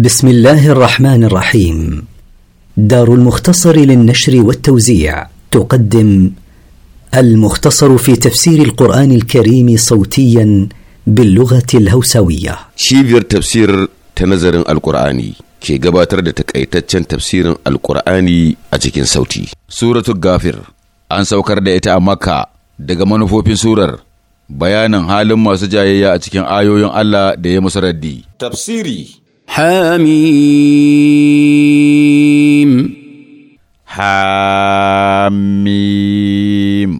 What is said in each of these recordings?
بسم الله الرحمن الرحيم دار المختصر للنشر والتوزيع تقدم المختصر في تفسير القرآن الكريم صوتيا باللغة الهوسوية شيفير تفسير تنظر القرآن كي قباتر تفسير القرآن أجيكين صوتي سورة الغافر أنسى وكرد إتاء مكة دقمان فوفين سورر بيانا حال سجايا أجيكين آيو يوم الله دي مسردي تفسيري حميم حميم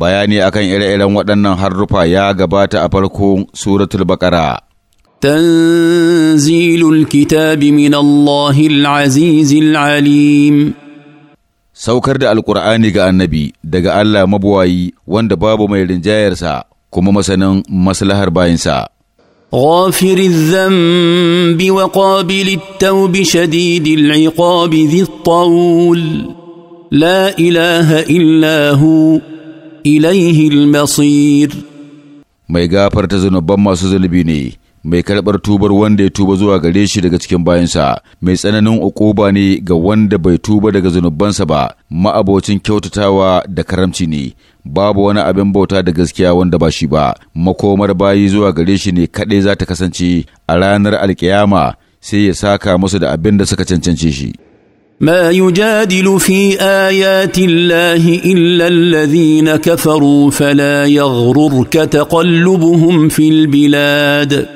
bayani akan ire-iren waɗannan harrufa ya gabata a farkon suratul baƙara. tanzilul kitabi min Allahil azizil alim saukar da alƙur'ani ga annabi daga Allah mabuwayi wanda babu mai rinjayarsa kuma masanin maslahar bayinsa غافر الذنب وقابل التوب شديد العقاب ذي الطول لا اله الا هو اليه المصير mai gafarta zunuban masu zunubi ne mai karɓar tubar wanda ya tuba zuwa gare shi daga cikin bayansa mai tsananin uquba ne ga wanda bai tuba daga zunubansa ba ma'abocin kyautatawa da karamci ne babu wani abin bauta da gaskiya wanda ba shi ba makomar bayi zuwa gare shi ne kaɗai za ta kasance a ranar alkiyama sai ya saka musu da abin da suka cancance shi ma yujadilu في ايات الله الا الذين كفروا فلا يغررك تقلبهم في bilad.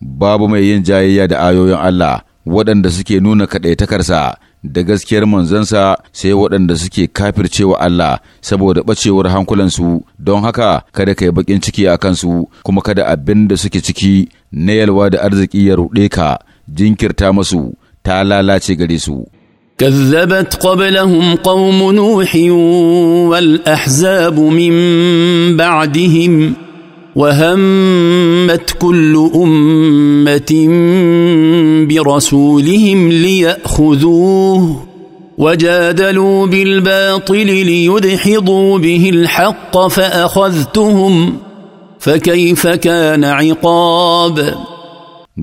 babu mai yin jayayya da ayoyin Allah waɗanda suke nuna kaɗaitakarsa da gaskiyar manzansa sai waɗanda suke kafircewa Allah saboda ɓacewar hankulansu don haka kada ka yi baƙin ciki a kansu kuma kada abin da suke ciki na yalwa da arziki ya ruɗe ka jinkirta masu ta lalace gare su. كذبت قبلهم قوم نوح والأحزاب من بعدهم وهمت كل امه برسولهم لياخذوه وجادلوا بالباطل ليدحضوا به الحق فاخذتهم فكيف كان عقاب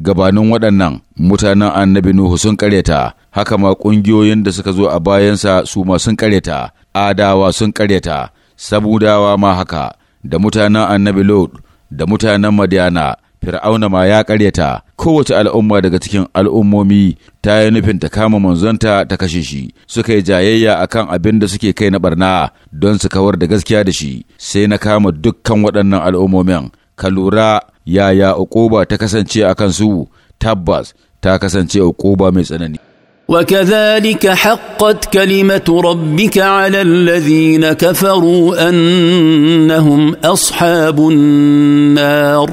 gabanin waɗannan mutanen annabi Nuhu sun karyata haka ma ƙungiyoyin da suka zo a bayansa su ma sun ƙaryata, adawa sun ƙaryata, sabudawa ma haka, da mutanen annabi lord. da mutanen Madiyana, Fir'auna ma ya ƙaryata kowace al'umma daga cikin al'ummomi ta yi nufin ta kama manzonta ta kashe shi, suka yi jayayya a kan abin da suke kai na barna don su kawar da gaskiya da shi, sai na kama dukkan waɗannan al'ummomin, ka lura yaya uquba ta kasance a kansu, tabbas ta kasance uquba mai tsanani. وكذلك حقت كلمه ربك على الذين كفروا انهم اصحاب النار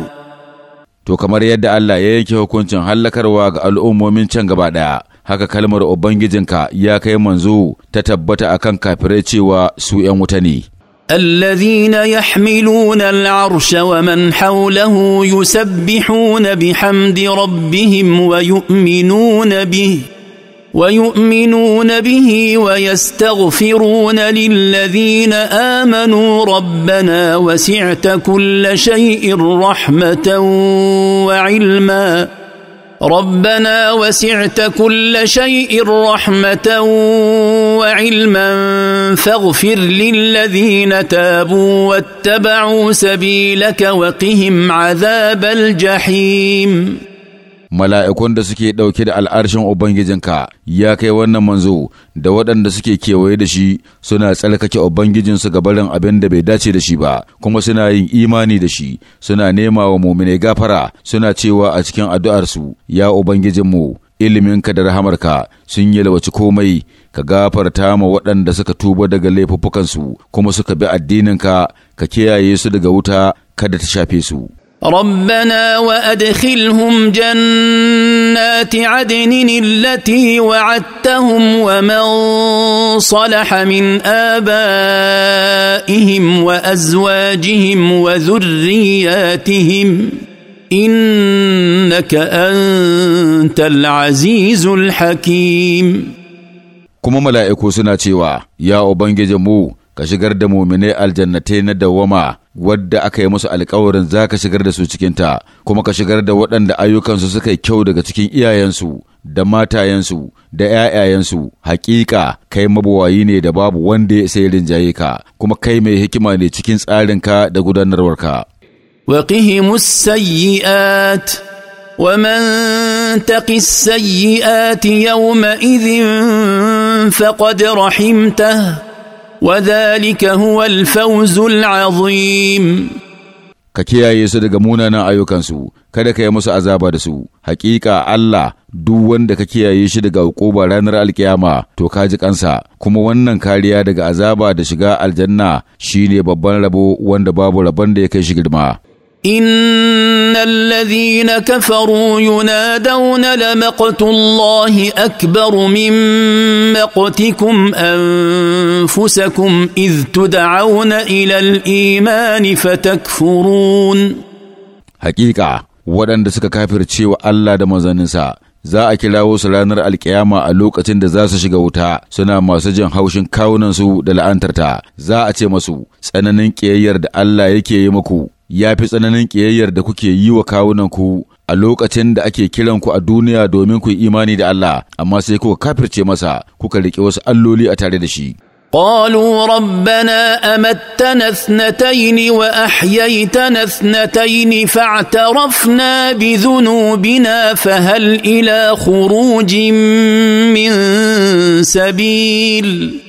to kamar yadda Allah ya yanke hukuncin hallakarwa ga al'ummomin can gaba ɗaya haka kalmar ubangijinka ya kai manzo ta tabbata akan kafirai cewa su 'yan wuta ne الذين يحملون العرش ومن حوله يسبحون بحمد ربهم ويؤمنون به ويؤمنون به ويستغفرون للذين امنوا ربنا وسعت كل شيء رحمه وعلما ربنا وسعت كل شيء رحمه وعلما فاغفر للذين تابوا واتبعوا سبيلك وقهم عذاب الجحيم mala'ikun da suke ɗauke da al'arshin Ubangijinka, ya kai wannan manzo, da waɗanda suke kewaye da shi suna tsalkake Ubangijinsu ga barin abin da bai dace da shi ba, kuma suna yin imani da shi, suna nema wa mumine gafara, suna cewa a cikin addu'arsu, ya Ubangijinmu, iliminka da rahamarka sun yalwaci komai, ka gafarta ma waɗanda suka tuba daga laifuffukansu, kuma suka bi addininka, ka kiyaye su daga wuta, kada ta shafe su. ربنا وادخلهم جنات عدن التي وعدتهم ومن صلح من ابائهم وازواجهم وذرياتهم انك انت العزيز الحكيم kuma mala'iku suna cewa, Ya Ubangijinmu, ka shigar da muminai aljannatai na dawwama wadda aka yi musu alkawarin za ka shigar da su cikinta, kuma ka shigar da waɗanda ayyukansu suka yi kyau daga cikin iyayensu, da matayensu, da ‘ya'yayensu, hakika kai mabuwayi ne da babu wanda ya sai rinjaye ka, kuma kai mai hikima ne cikin tsarinka da gudanarwarka. وقهم ومن تق السيئات يومئذ فقد رحمته وذلك هو الفوز العظيم ka kiyaye su daga munanan ayyukansu kada ka yi musu azaba da su Haƙiƙa Allah duk wanda ka kiyaye shi daga hukuma ranar alkiyama to ka ji ƙansa. kuma wannan kariya daga azaba da shiga aljanna shine babban rabo wanda babu rabon da ya kai shi girma ان الذين كفروا ينادون لمقت الله اكبر من مقتكم انفسكم اذ تدعون الى الايمان فتكفرون حقيقه waɗanda suka kafirce wa Allah da manzanninsa za a kirawo su ranar alkiyama a lokacin da za su shiga wuta suna masu jin haushin kawunansu da la'antarta za a ce masu tsananin ƙiyayyar da Allah yake yi muku ya fi tsananin ƙiyayyar da kuke yi wa kawunanku a lokacin da ake kiran ku a duniya domin ku yi imani da Allah, amma sai kuka kafirce masa kuka riƙe wasu alloli a tare da shi. قالوا ربنا أمتنا اثنتين وأحييتنا اثنتين فاعترفنا بذنوبنا فهل إلى خروج من سبيل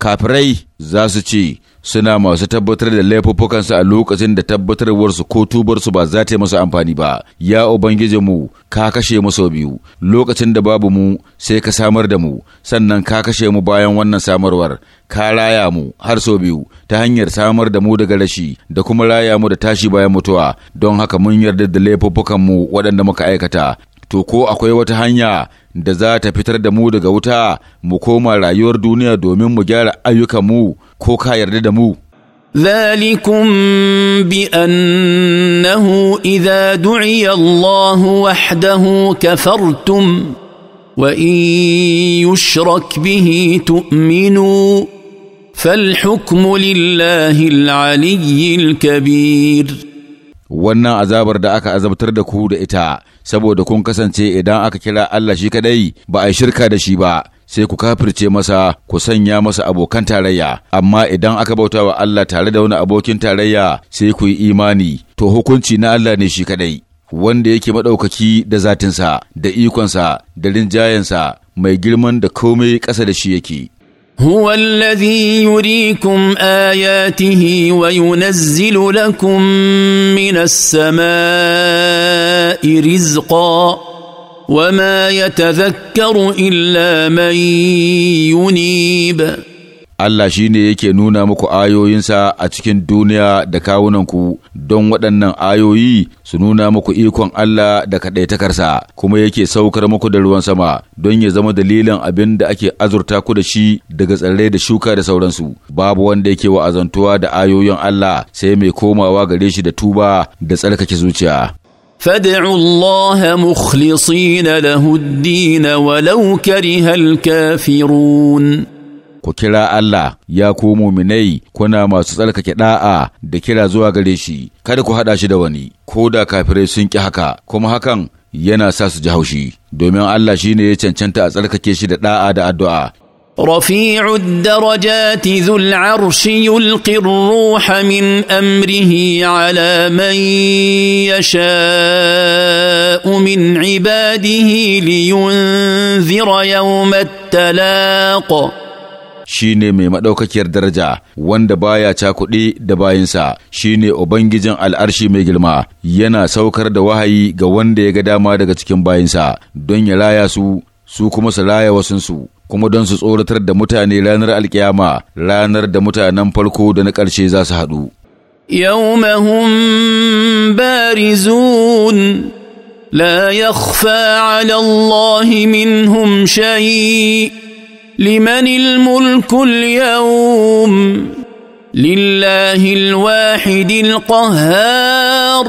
كابري زاسوتشي suna masu tabbatar da laifuffukansu a lokacin da tabbatarwarsu ko tubarsu ba za ta yi masu amfani ba ya ubangiji mu ka kashe mu sau biyu lokacin da babu mu sai ka samar da mu sannan ka kashe mu bayan wannan samarwar ka raya mu har sau biyu ta hanyar samar da mu daga rashi da kuma raya mu da tashi bayan mutuwa don haka mun yarda da laifuffukan mu waɗanda muka aikata to ko akwai wata hanya da za ta fitar da mu daga wuta mu koma rayuwar duniya domin mu gyara ayyukan mu ko ka yarda da mu ذلكم بانه اذا دعي الله وحده كفرتم وان يشرك به تؤمنوا فالحكم لله العلي kabir. wannan azabar da aka azabtar da ku da ita saboda kun kasance idan aka kira Allah shi kadai ba a yi shirka da shi ba sai ku kafirce masa ku sanya masa abokan tarayya amma idan aka bauta wa Allah tare da wani abokin tarayya sai ku yi imani to hukunci na Allah ne shi kadai wanda yake maɗaukaki da zatinsa da ikonsa da rinjayensa mai girman da komai ƙasa da shi yake هو الذي يريكم اياته وينزل لكم من السماء رزقا وما يتذكر الا من ينيب Allah shi ne yake nuna muku ayoyinsa a cikin duniya da kawunanku don waɗannan ayoyi su nuna muku ikon Allah da kaɗaitakarsa kuma yake saukar muku da ruwan sama don ya zama dalilin abin da ake azurta ku da shi daga tsirrai da shuka da sauransu babu wanda yake wa'azantuwa da ayoyin Allah sai mai komawa gare shi da tuba da tsarkake zuciya. فادعوا الله مخلصين له الدين ولو كره الكافرون ku kira Allah ya ku muminai kuna masu tsarkake da'a da kira zuwa gare shi kada ku haɗa shi da wani ko da kafirai sun ƙi haka kuma hakan yana sa su ji haushi domin Allah shine ya cancanta a tsarkake shi da da'a da addu'a رفيع الدرجات ذو العرش يلقي الروح من امره على من يشاء من عباده لينذر يوم التلاق shine mai maɗaukakiyar daraja wanda baya cakuɗe da bayinsa shine ubangijin al'arshi mai girma yana saukar da wahayi ga wanda ya ga dama daga cikin bayinsa don ya raya su su kuma su raya wasunsu kuma don su tsoratar da mutane ranar alkiyama ranar da mutanen farko da na ƙarshe za su haɗu. يومهم barizun لا يخفى على الله منهم شيء لمن mulku'n اليوم لله الواحد القهار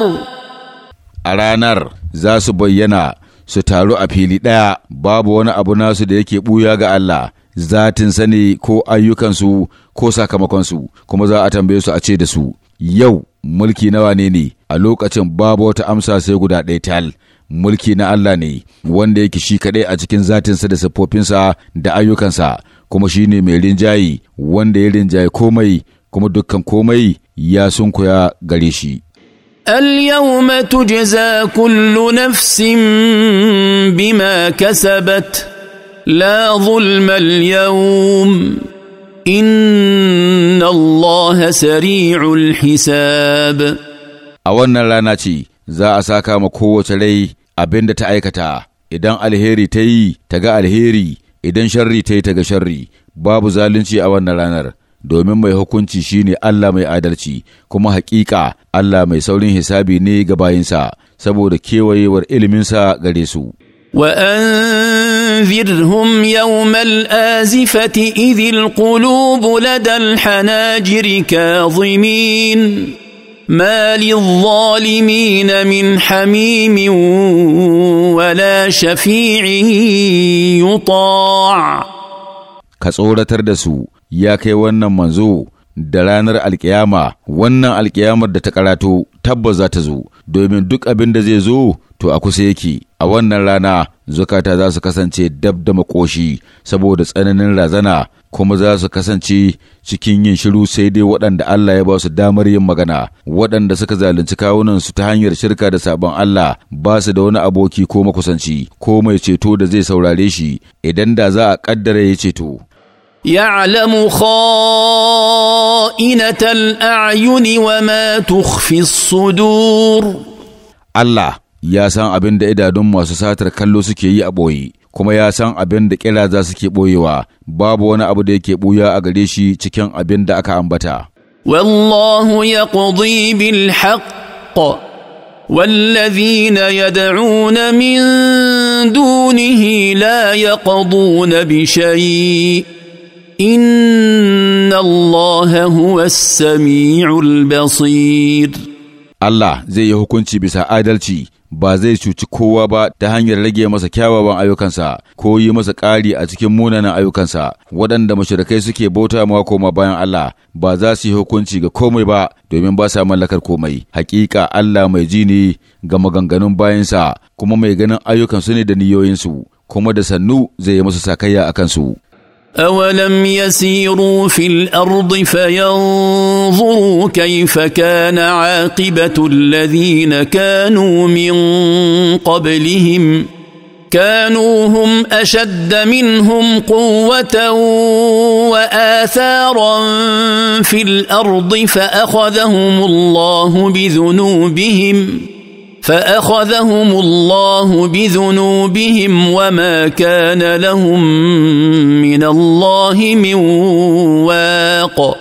a ranar za su bayyana su taru a fili ɗaya babu wani abu nasu da yake ɓuya ga Allah zatin sani ko ayyukansu ko sakamakonsu kuma za a tambaye su a ce da su yau mulki nawa ne ne a lokacin babu wata amsa sai guda ɗaya tal mulki na Allah ne wanda yake shi kaɗai a cikin zatinsa da siffofinsa da ayyukansa kuma shi ne mai rinjayi wanda ya rinjaye komai kuma dukkan komai ya sunkuya gare shi. اليوم تجزى كل نفس بما كسبت لا ظلم اليوم ان الله سريع الحساب a wannan rana ce za a saka ma kowace rai abin da ta aikata idan alheri ta yi ta ga alheri idan sharri ta yi ta ga sharri babu zalunci a wannan ranar domin mai hukunci shi ne Allah mai adalci kuma haƙiƙa Allah mai saurin hisabi ne ga bayinsa saboda kewayewar iliminsa gare su. وأنذرهم يوم الآزفة إذ القلوب لدى الحناجر كاظمين ما للظالمين من حميم ولا شفيع يطاع كسورة دسو ياكي ونن منزو دلانر القيامة ونن القيامة دتكالاتو tabbas za ta zo domin duk abin da zai zo to a kusa yake a wannan rana zukata za su kasance dab da makoshi saboda tsananin razana kuma za su kasance cikin yin shiru sai dai waɗanda Allah ya ba su damar yin magana waɗanda suka zalunci kawunansu ta hanyar shirka da sabon Allah ba su da wani aboki ko makusanci ko mai ceto da zai saurare shi idan da za a ƙaddara ya ceto يعلم خائنة الأعين وما تخفي الصدور الله ya san abin da idanun masu satar kallo suke yi a ɓoye kuma ya san abin da ƙiraza suke ɓoyewa babu wani abu da yake ɓuya a gare shi cikin abin da aka ambata. Wallahu ya bil haqq والذين يدعون من دونه لا يقضون بشيء إن الله هو السميع البصير Allah zai yi hukunci bisa adalci ba zai cuci kowa ba ta hanyar rage masa kyawawan ayyukansa ko yi masa ƙari a cikin munanan ayyukansa waɗanda mashirikai suke bauta ma koma bayan Allah ba za su yi hukunci ga komai ba domin ba sa mallakar komai Haƙiƙa Allah mai ji ne ga maganganun bayansa kuma mai ganin ayyukansu ne da niyoyinsu kuma da sannu zai yi masa sakayya a kansu أولم يسيروا في الأرض فينظروا كيف كان عاقبة الذين كانوا من قبلهم كانوا هم أشد منهم قوة وآثارا في الأرض فأخذهم الله بذنوبهم ۖ فاخذهم الله بذنوبهم وما كان لهم من الله من واق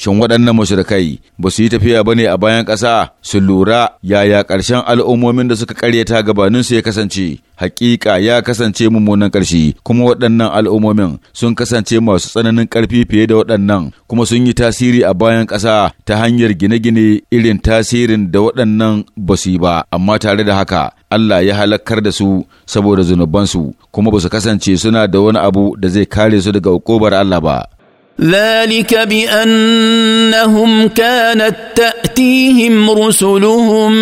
shin waɗannan mashirkai ba su yi tafiya ba ne a bayan ƙasa su lura yaya ƙarshen al'ummomin da suka ƙaryata gabaninsu ya kasance hakika ya kasance mummunan ƙarshe kuma waɗannan al'ummomin sun kasance masu tsananin ƙarfi fiye da waɗannan kuma sun yi tasiri a bayan ƙasa ta hanyar gine-gine irin tasirin da waɗannan ba su yi ba amma tare da haka Allah ya halakar da su saboda zunubansu kuma ba su kasance suna da wani abu da zai kare su daga hukumar Allah ba. ذلك بانهم كانت تاتيهم رسلهم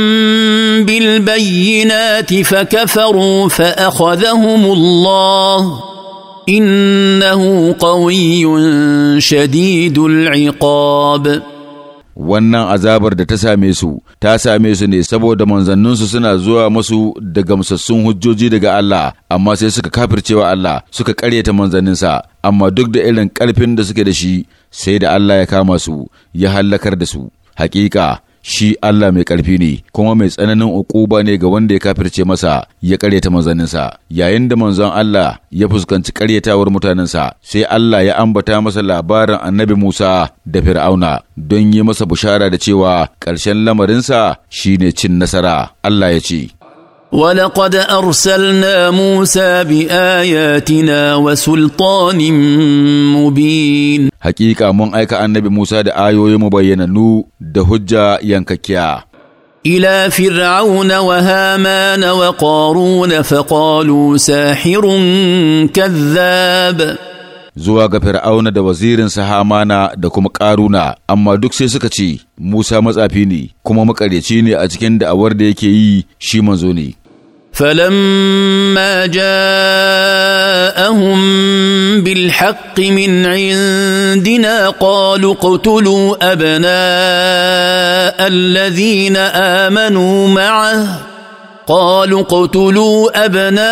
بالبينات فكفروا فاخذهم الله انه قوي شديد العقاب wannan azabar da ta same su ta same su ne saboda manzanninsu suna zuwa masu da gamsassun hujjoji daga Allah amma sai suka kafircewa Allah suka karyata manzanninsa amma duk da irin karfin da suke da shi sai da Allah ya kama su ya hallakar da su hakika shi Allah mai ƙarfi ne kuma mai tsananin uquba ne ga wanda ya kafirce masa ya ƙaryata manzanninsa yayin da manzon Allah ya fuskanci ƙaryatawar mutanensa sai Allah ya ambata masa labarin annabi Musa da Fir'auna don yi masa bushara da cewa ƙarshen lamarinsa shine cin nasara Allah ya ce ولقد ارسلنا موسى باياتنا وسلطان مبين حقيقه من ايكا النبي موسى دا da ayoyi mabayyananu da hujja yankakkiya الى فرعون وهامان وقارون فقالوا ساحر كذاب zuwa ga fir'auna da wazirinsa hamana da kuma ƙaruna amma duk sai suka ce musa matsafi ne kuma makaryaci ne a cikin da'awar da yake yi shi manzo ne فلما جاءهم بالحق من عندنا قالوا اقتلوا ابناء الذين امنوا معه قالوا اقتلوا ابناء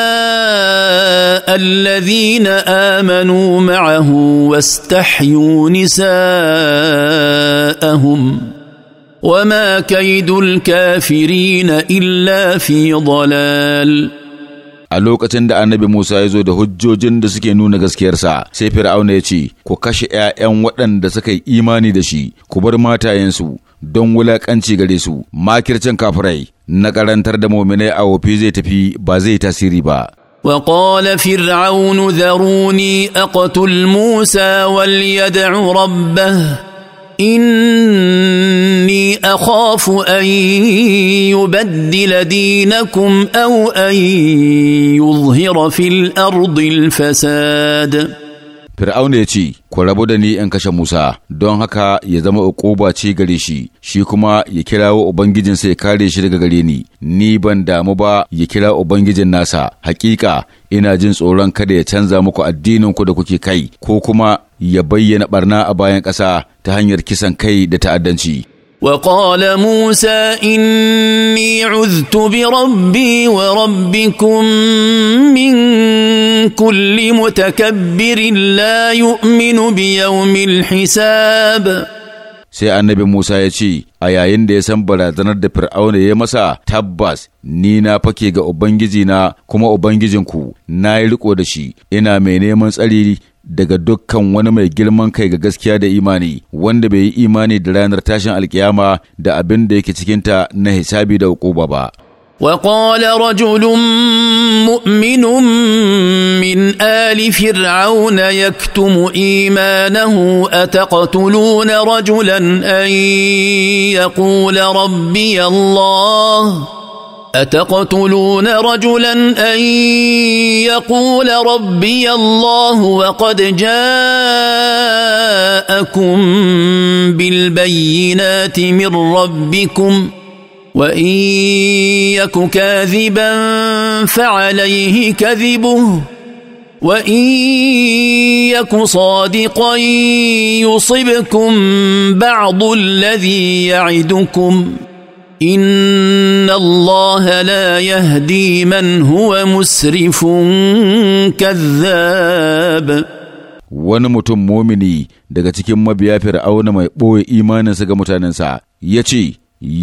الذين امنوا معه واستحيوا نساءهم وما كيد الكافرين الا في ضلال a lokacin da annabi Musa ya zo da hujjojin da suke nuna gaskiyarsa sai Fir'auna ya ce ku kashe 'ya'yan waɗanda suka yi imani da shi ku bar matayensu don wulakanci gare su makircin kafirai na karantar da muminai a wofi zai tafi ba zai tasiri ba وقال فرعون ذروني اقتل موسى وليدع ربه اني اخاف ان يبدل دينكم او ان يظهر في الارض الفساد Fir'auna ya ce, Ku rabu da ni in kashe Musa, don haka ya zama uquba ce gare shi, shi kuma ya kirawo Ubangijinsa ya kare shi daga gare ni, ni ban damu ba ya kira Ubangijin nasa, hakika ina jin tsoron kada ya canza muku addininku da kuke kai, ko kuma ya bayyana barna a bayan ƙasa ta hanyar kisan kai da ta'addanci. وقال موسى اني عذت بربي وربكم من كل متكبر لا يؤمن بيوم الحساب sai annabi Musa ya ce, A yayin da ya san barazanar da Fir'auna ya masa tabbas, ni na fake ga Ubangijina kuma Ubangijinku, na yi riko da shi, ina mai neman tsari daga dukkan wani mai girman kai ga gaskiya da imani wanda bai yi imani da ranar tashin alkiyama da abin da yake cikinta na hisabi da hukuma ba. وقال رجل مؤمن من آل فرعون يكتم إيمانه أتقتلون رجلا أن يقول ربي الله ؟ اتقتلون رجلا ان يقول ربي الله وقد جاءكم بالبينات من ربكم وان يك كاذبا فعليه كذبه وان يك صادقا يصبكم بعض الذي يعدكم ان الله لا يهدي من هو مسرف كذاب wani mutum momini daga cikin mabiya fir'auna mai ɓoye imaninsa ga mutanensa ya ce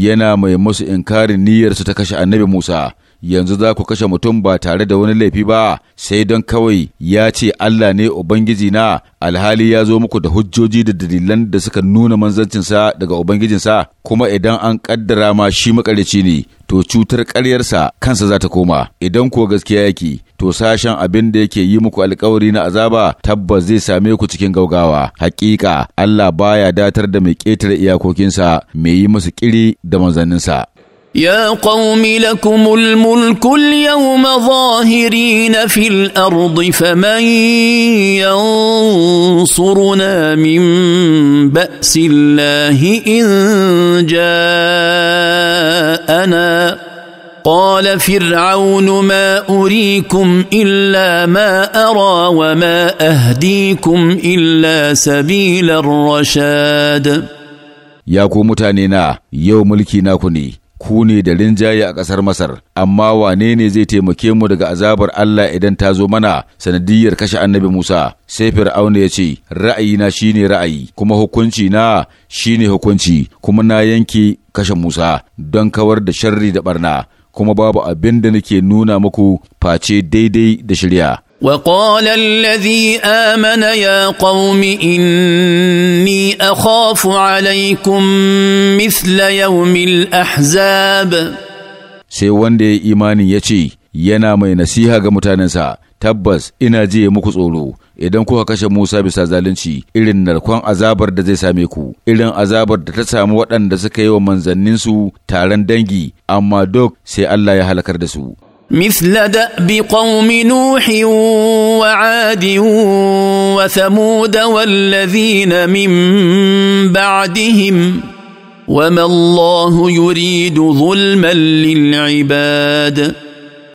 yana mai musu inkarin niyyarsu ta kashe annabi musa yanzu za ku kashe mutum ba tare da wani laifi ba sai don kawai ya ce Allah ne Ubangiji na alhali ya zo muku da hujjoji da dalilan da suka nuna manzancinsa daga Ubangijinsa kuma idan an kaddara ma shi makarici ne to cutar karyarsa kansa za ta koma idan kuwa gaskiya yake to sashen abin da yake yi muku alkawari na azaba tabbas zai same ku cikin gaugawa hakika Allah baya datar da mai ƙetare iyakokinsa mai yi musu kiri da manzanninsa يا قوم لكم الملك اليوم ظاهرين في الارض فمن ينصرنا من باس الله ان جاءنا قال فرعون ما اريكم الا ما ارى وما اهديكم الا سبيل الرشاد يا قوم تانينا يوم ملكي ناكني ku ne da rinjaye a ƙasar Masar, amma wane ne zai taimake mu daga azabar Allah idan ta zo mana sanadiyyar kashe annabi Musa? Sai Fir'auna ya ce, Ra'ayina shi ne ra'ayi, kuma hukunci na shi ne hukunci, kuma na yanke kashe Musa don kawar da sharri da barna. kuma babu abin da nake nuna muku face daidai da shirya. وقال الذي آمن يا قوم إني أخاف عليكم مثل يوم الأحزاب sai wanda ya imani ya ce yana mai nasiha ga mutanensa tabbas ina je muku tsoro idan kuka kashe Musa bisa zalunci irin narkon azabar da zai same ku irin azabar da ta samu waɗanda suka yi wa manzanninsu taron dangi amma duk sai Allah ya halakar da su مثل دأب قوم نوح وعاد وثمود والذين من بعدهم وما الله يريد ظلما للعباد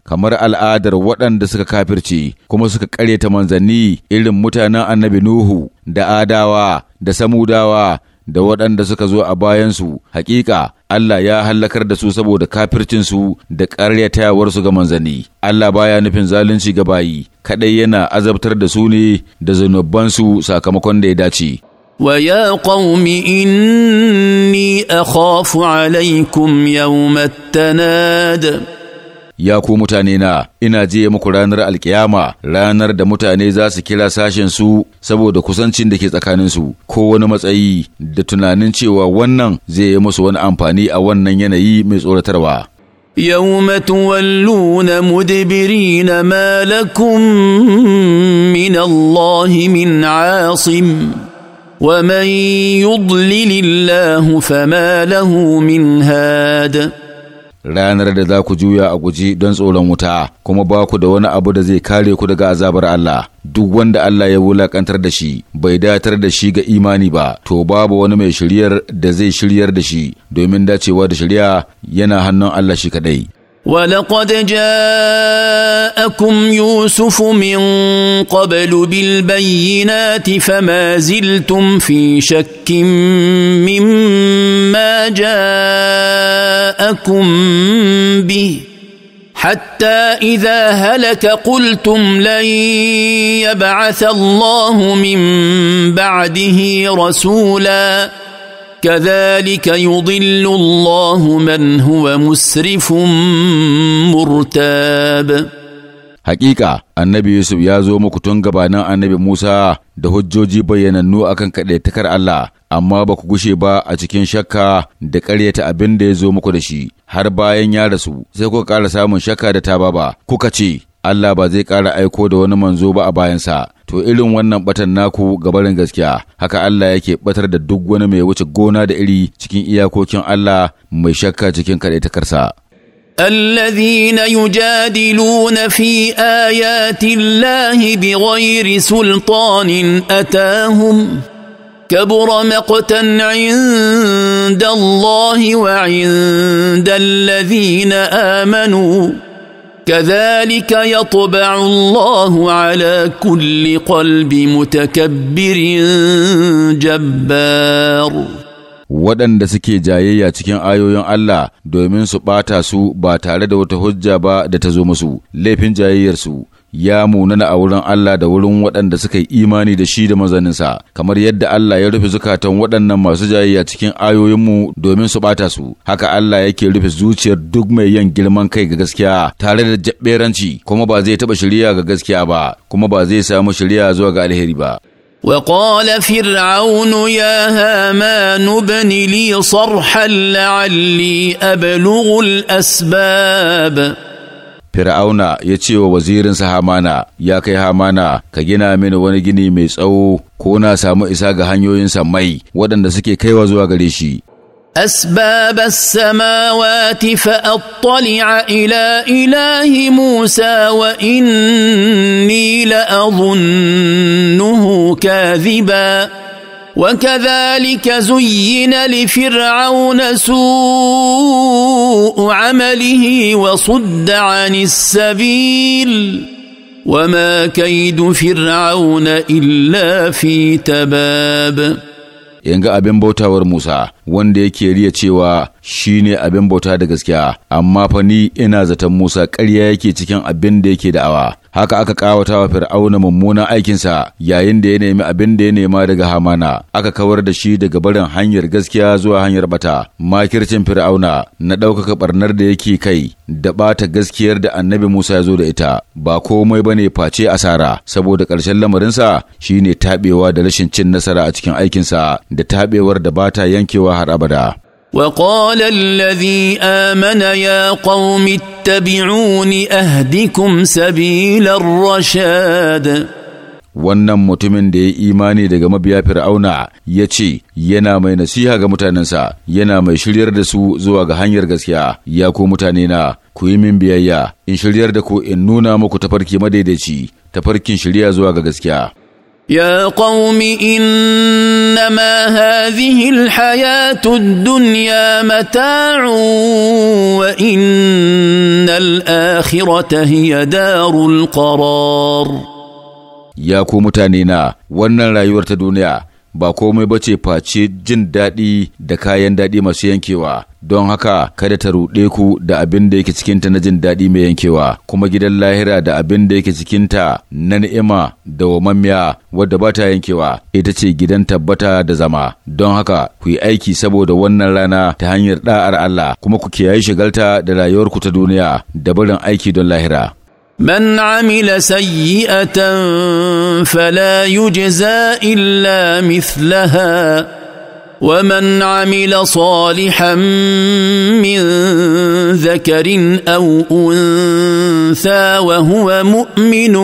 kamar al'adar waɗanda suka kafirce kuma suka ƙaryata manzanni irin mutanen annabi Nuhu da Adawa da Samudawa da waɗanda suka zo a bayansu hakika Allah ya hallakar da su saboda kafircinsu da ƙaryatawarsu ga manzanni. Allah baya nufin zalunci ga bayi, kaɗai yana azabtar da su ne da zunubansu sakamakon da ya dace. ويا قوم إني أخاف عليكم يوم التناد ya ku mutane na ina je muku ranar alkiyama ranar da mutane za su kira sashen su saboda kusancin da ke tsakanin su ko wani matsayi da tunanin cewa wannan zai yi musu wani amfani a wannan yanayi mai tsoratarwa يوم تولون مدبرين ما لكم من الله من عاصم ومن يضلل الله فما له من هاد ranar da za ku juya a guji don tsoron wuta kuma ba ku da wani abu da zai kare ku daga azabar Allah duk wanda Allah ya wulakantar da shi bai datar da shi ga imani ba to babu wani mai shiryar da zai shiryar da shi domin dacewa da shirya yana hannun Allah shi kadai ولقد جاءكم يوسف من قبل بالبينات فما زلتم في شك مما جاءكم به حتى اذا هلك قلتم لن يبعث الله من بعده رسولا كذلك يضل الله من هو مسرف مرتاب Haƙiƙa, annabi Yusuf ya zo muku tun gabanin annabi Musa da hujjoji bayyanannu akan kaɗaitakar Allah, amma ba ku gushe ba a cikin shakka da ƙaryata abin da ya zo muku da shi, har bayan ya rasu sai kuka ƙara samun shakka da ba, kuka ce, Allah ba zai ƙara aiko da wani manzo ba a bayansa, to irin wannan batan naku gabarin gaskiya, haka Allah yake batar da duk wani mai wuce gona da iri cikin iyakokin Allah mai shakka cikin kaɗaitakarsa. الذين يجادلون في آيات الله بغير سلطان أتاهم كبر مقتا عند الله وعند الذين آمنوا كذلك يطبع الله على كل قلب متكبر جبار waɗanda suke jayayya cikin ayoyin Allah domin su ɓata su ba tare da wata hujja ba da ta zo musu laifin jayayyarsu ya munana a wurin Allah da wurin waɗanda suka yi imani da shi da mazaninsa kamar yadda Allah ya rufe zukatan waɗannan masu jayayya cikin ayoyinmu domin su ɓata su haka Allah yake rufe zuciyar duk mai yin girman kai ga gaskiya tare da jabberanci kuma ba zai taɓa shirya ga gaskiya ba kuma ba zai samu shirya zuwa ga alheri ba وقال فرعون يا هامان ابن لي صرحا لعلي ابلغ الاسباب Fir'auna ya ce wa wazirinsa Hamana, Ya kai Hamana, ka gina mini wani gini mai tsawo ko na samu isa ga hanyoyin sammai waɗanda suke kaiwa zuwa gare shi. أسباب السماوات فأطلع إلى إله موسى وإني لأظنه كاذباً وكذلك زين لفرعون سوء عمله وصد عن السبيل وما كيد فرعون إلا في تباب yanga abin bautawar Musa wanda yake riya cewa shi ne abin bauta da gaskiya amma fa ni ina zaton Musa karya yake cikin abin da yake da'awa haka aka kawata wa fir'auna mummunan aikinsa yayin da ya nemi abin da ya nema daga hamana aka kawar da shi daga barin hanyar gaskiya zuwa hanyar bata makircin fir'auna na ɗaukaka ɓarnar da yake kai da ɓata gaskiyar da annabi musa ya zo da ita ba komai ba ne face asara saboda ƙarshen lamarinsa shine taɓewa da rashin cin nasara a cikin aikinsa da taɓewar da bata yankewa har abada وقال الذي امن يا قوم اتبعون اهدكم سبيل الرشاد wannan mutumin da ya imani daga mabiya fir'auna ya ce yana mai nasiha ga mutanensa yana mai shiryar da su zuwa ga hanyar gaskiya ya ko mutane na ku yi min biyayya in shiryar da ku in nuna muku tafarki madaidaici tafarkin shirya zuwa ga gaskiya يا قوم انما هذه الحياه الدنيا متاع وان الاخره هي دار القرار يا ku mutane na wannan rayuwar ta duniya ba komai bace face jin daɗi da kayan daɗi masu yankewa don haka kada ta ruɗe ku da abin da yake cikinta na jin daɗi mai yankewa kuma gidan lahira da abin da yake cikinta na ni'ima da wamammiya wadda ba ta yankewa ita ce gidan tabbata da zama don haka ku yi aiki saboda wannan rana ta hanyar ɗa'ar Allah kuma ku kiyaye shigalta da rayuwarku ta duniya da barin aiki don lahira من عمل سيئة فلا يجزى إلا مثلها ومن عمل صالحا من ذكر او انثى وهو مؤمن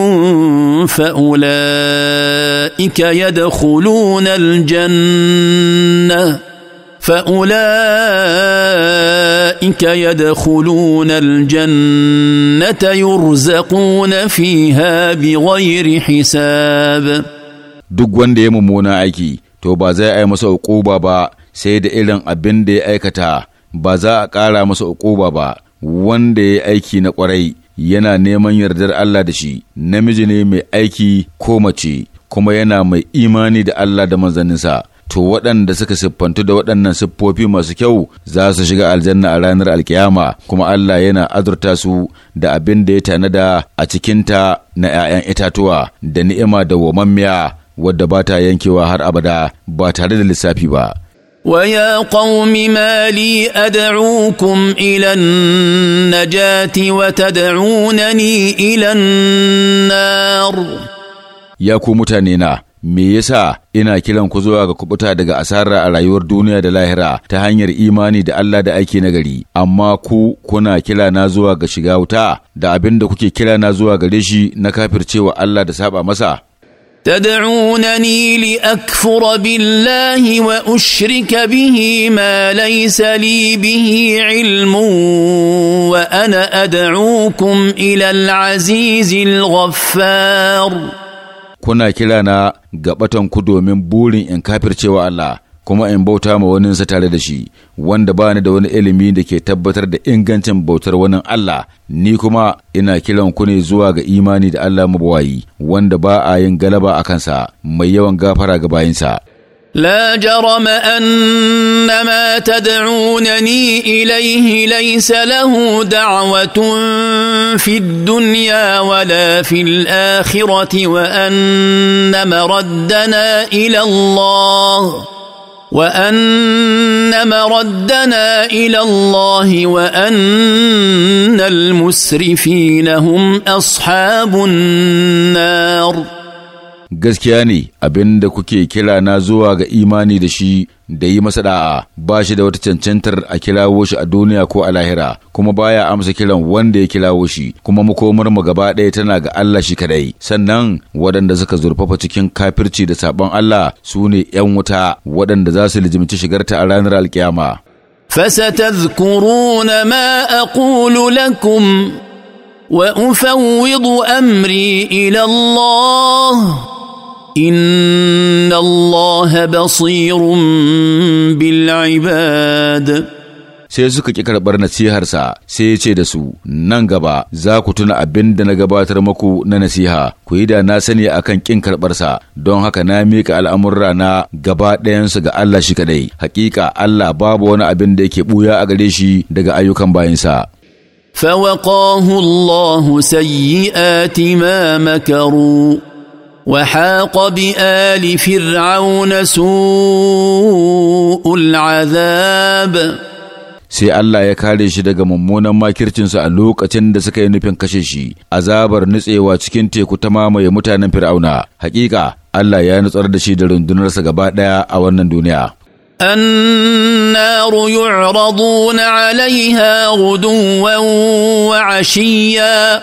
فاولئك يدخلون الجنه فاولئك يدخلون الجنه يرزقون فيها بغير حساب duk wanda ya mummuna to ba zai ai masa uquba ba sai da irin abin da ya aikata ba za a ƙara masa uquba ba wanda ya aiki na ƙwarai yana neman yardar Allah da shi namiji ne mai aiki ko mace kuma yana mai imani da Allah da manzanninsa to waɗanda suka siffantu da waɗannan siffofi masu kyau za su shiga aljanna a ranar alkiyama kuma Allah yana azurta su da abin da ya tanada a cikinta na 'ya'yan itatuwa da ni'ima da wamammiya wadda ba ta yankewa har abada ba tare da lissafi ba. mali قوم ما ilan ادعوكم الى النجاه وتدعونني ilan النار Ya ku mutane na me yasa ina kiran ku zuwa ga kubuta daga asara a rayuwar duniya da lahira ta hanyar imani da Allah da aiki gari, amma ku kuna kila na zuwa ga shiga wuta da abin da kuke kila na zuwa gare shi na kafircewa Allah da saba masa تدعونني لاكفر بالله واشرك به ما ليس لي به علم وانا ادعوكم الى العزيز الغفار kuna kirana ga ku domin burin in kafircewa Allah kuma in bauta ma waninsa tare da shi wanda bani da wani ilimi da ke tabbatar da ingancin bautar wani Allah, ni kuma ina kiran ku ne zuwa ga imani da Allah mabawayi, wanda ba a yin galaba a kansa, mai yawan gafara ga bayinsa. لا جرم أن ما تدعونني إليه ليس له دعوة في الدنيا ولا في الآخرة وأنما ردنا إلى الله وان مردنا الى الله وان المسرفين هم اصحاب النار gaskiya ne abin da kuke kira na zuwa ga imani da shi da yi masa da'a ba shi da wata cancantar a kirawo shi a duniya ko a lahira kuma baya amsa kiran wanda ya kirawo shi kuma makomar mu gaba ɗaya tana ga Allah shi kadai sannan waɗanda suka zurfafa cikin kafirci da sabon Allah su ne 'yan wuta waɗanda za su lijimci shigarta a ranar alkiyama فستذكرون ما اقول لكم وافوض amri الى الله ان الله بصير بالعباد sai suka ƙi karɓar nasiharsa sai ya ce da su nan gaba za ku tuna abin da na gabatar muku na nasiha ku yi da na sani akan ƙin karɓarsa don haka na miƙa al'amurra na gaba ɗayansu ga Allah shi kaɗai Haƙiƙa Allah babu wani abin da yake ɓuya a gare shi daga ayyukan bayansa فوقاه الله سيئات ما مكروا وحاق بال فرعون سوء العذاب sai Allah ya kare shi daga mummunan makircinsa a lokacin da suka yi nufin kashe shi azabar nutsewa cikin teku ta mamaye mutanen fir'auna hakika Allah ya nutsar da shi da rundunarsa gaba daya a wannan duniya النار يعرضون عليها غدوا وعشيا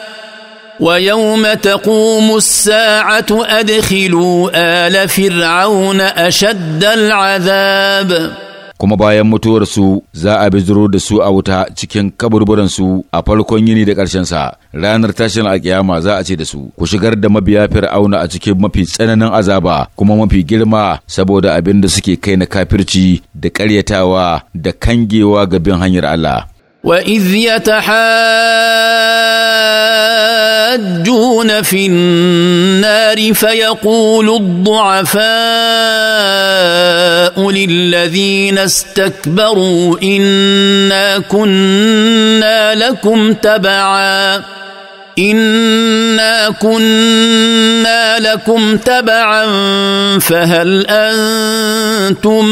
ويوم تقوم الساعه ادخلوا ال فرعون اشد العذاب kuma bayan mutuwarsu za a zuro da su a wuta cikin kaburburansu a farkon yini da ƙarshensa ranar tashin alkiyama za a ce da su ku shigar da mabiya fir'auna a cikin mafi tsananin azaba kuma mafi girma saboda abin da suke kai na kafirci da ƙaryatawa da kangewa ga bin hanyar Allah واذ يتحاجون في النار فيقول الضعفاء للذين استكبروا انا كنا لكم تبعا انا كنا لكم تبعا فهل انتم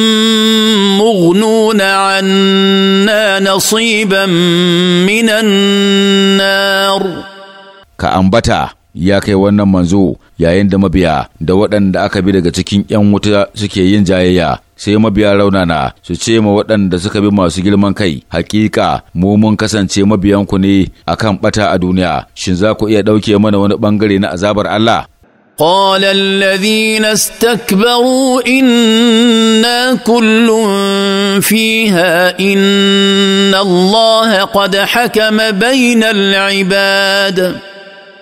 مغنون عنا نصيبا من النار كأنبتا ya kai wannan manzo yayin da mabiya da waɗanda aka bi daga cikin 'yan wuta suke yin jayayya sai mabiya raunana su ce ma waɗanda suka bi masu girman kai hakika mu mun kasance mabiyanku ne akan bata a duniya shin za ku iya ɗauke mana wani bangare na azabar Allah قال الذين استكبروا إنا كل فيها إن الله قد حكم بين العباد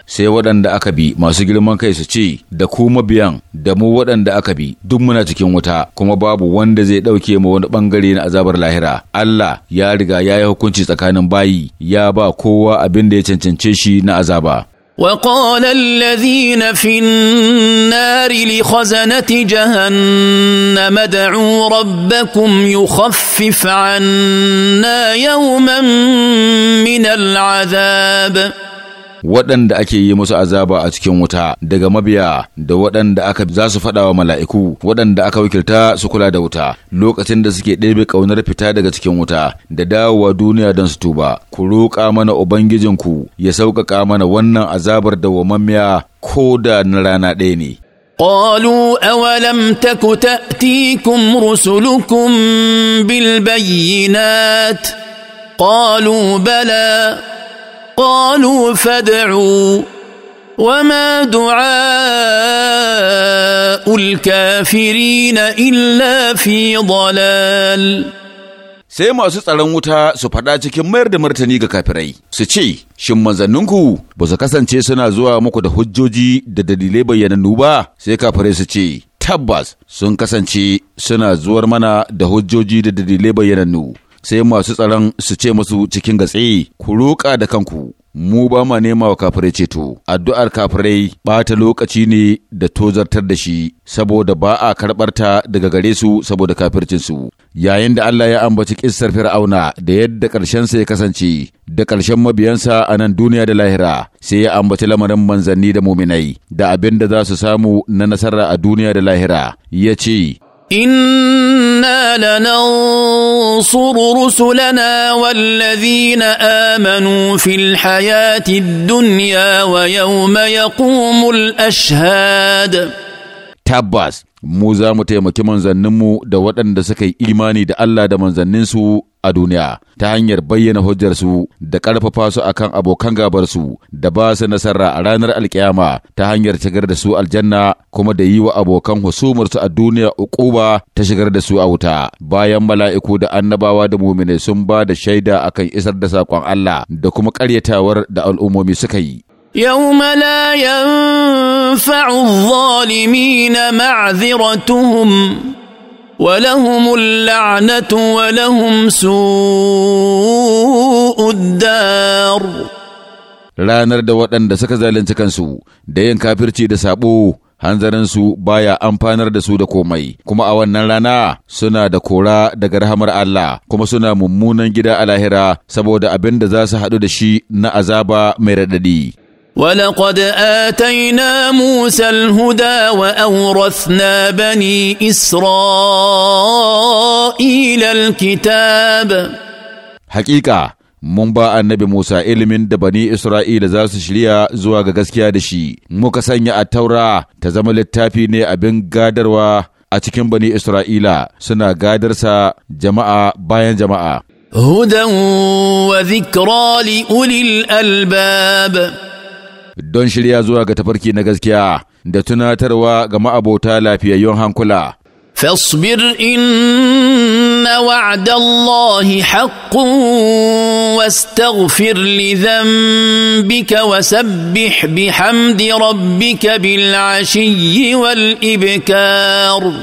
sai waɗanda aka bi masu girman kai su ce da ku mabiyan da mu waɗanda aka bi duk muna cikin wuta kuma babu wanda zai ɗauke mu wani ɓangare na azabar lahira Allah ya riga ya yi hukunci tsakanin bayi ya ba kowa abin da ya cancance shi na azaba وقال الذين في النار لخزنة جهنم ادعوا ربكم يخفف عنا يوما من العذاب waɗanda ake yi musu azaba a cikin wuta daga mabiya da waɗanda aka za su faɗa wa mala'iku waɗanda aka wakilta su kula da wuta lokacin da suke ɗebe ƙaunar fita daga cikin wuta da dawowa duniya don su tuba ku roƙa mana ubangijinku ya sauƙaƙa mana wannan azabar da wamammiya ko da na rana ɗaya ne قالوا أولم تك تأتيكم رسلكم بالبينات قالوا بلى قالوا فادعوا وما دعاء الكافرين إلا في ضلال sai masu tsaron wuta su faɗa cikin mayar da martani ga kafirai su ce shin manzanninku ba su kasance suna zuwa muku da hujjoji da dalilai bayyanannu ba sai kafirai su ce tabbas sun kasance suna zuwar mana da hujjoji da dalilai bayyanannu sai masu tsaron su ce musu cikin gatse ku roƙa da kanku mu ba ma nema wa kafirai ceto addu'ar kafirai ɓata lokaci ne da tozartar da shi saboda ba a karɓar ta daga gare su saboda kafircinsu yayin da Allah ya ambaci kissar fir'auna da yadda sa ya kasance da ƙarshen mabiyansa a nan duniya da lahira sai ya ambaci lamarin manzanni da muminai da abin da za su samu na nasara a duniya da lahira ya ce Inna da انا لننصر رسلنا والذين امنوا في الحياه الدنيا ويوم يقوم الاشهاد tabbas mu za mu taimaki manzanninmu da waɗanda suka yi imani da Allah da manzanninsu a duniya ta hanyar bayyana hujjarsu da ƙarfafa su akan abokan gabarsu da ba su nasara a ranar alkiyama ta hanyar shigar da su aljanna kuma da yi wa abokan husumarsu a duniya uquba ta shigar da su a wuta bayan mala'iku da annabawa da muminai sun ba da shaida akan isar da saƙon Allah da kuma ƙaryatawar da al'ummomi suka yi يوم لا ينفع الظالمين معذرتهم ولهم اللعنه ولهم سوء الدار ranar da waɗanda suka zalunci kansu da yin kafirci da saɓo hanzarinsu baya amfanar da su da komai kuma a wannan rana suna da kora daga rahamar Allah kuma suna mummunan gida a lahira saboda abin da za su haɗu da shi na azaba mai raɗaɗi. ولقد اتينا موسى الهدى واورثنا بني اسرائيل الكتاب حقيقه mun ba annabi Musa ilimin da bani Isra'ila za su shirya zuwa ga gaskiya da shi, muka sanya a taura ta zama littafi ne abin gadarwa a cikin bani Isra'ila suna gadarsa jama'a bayan jama'a. Hudan wa zikra li ulil albab. don shirya zuwa ga tafarki na gaskiya da tunatarwa ga ma'abota lafiyayyun hankula. فاصبر إن وعد الله حق واستغفر لذنبك وسبح بحمد ربك بالعشي والإبكار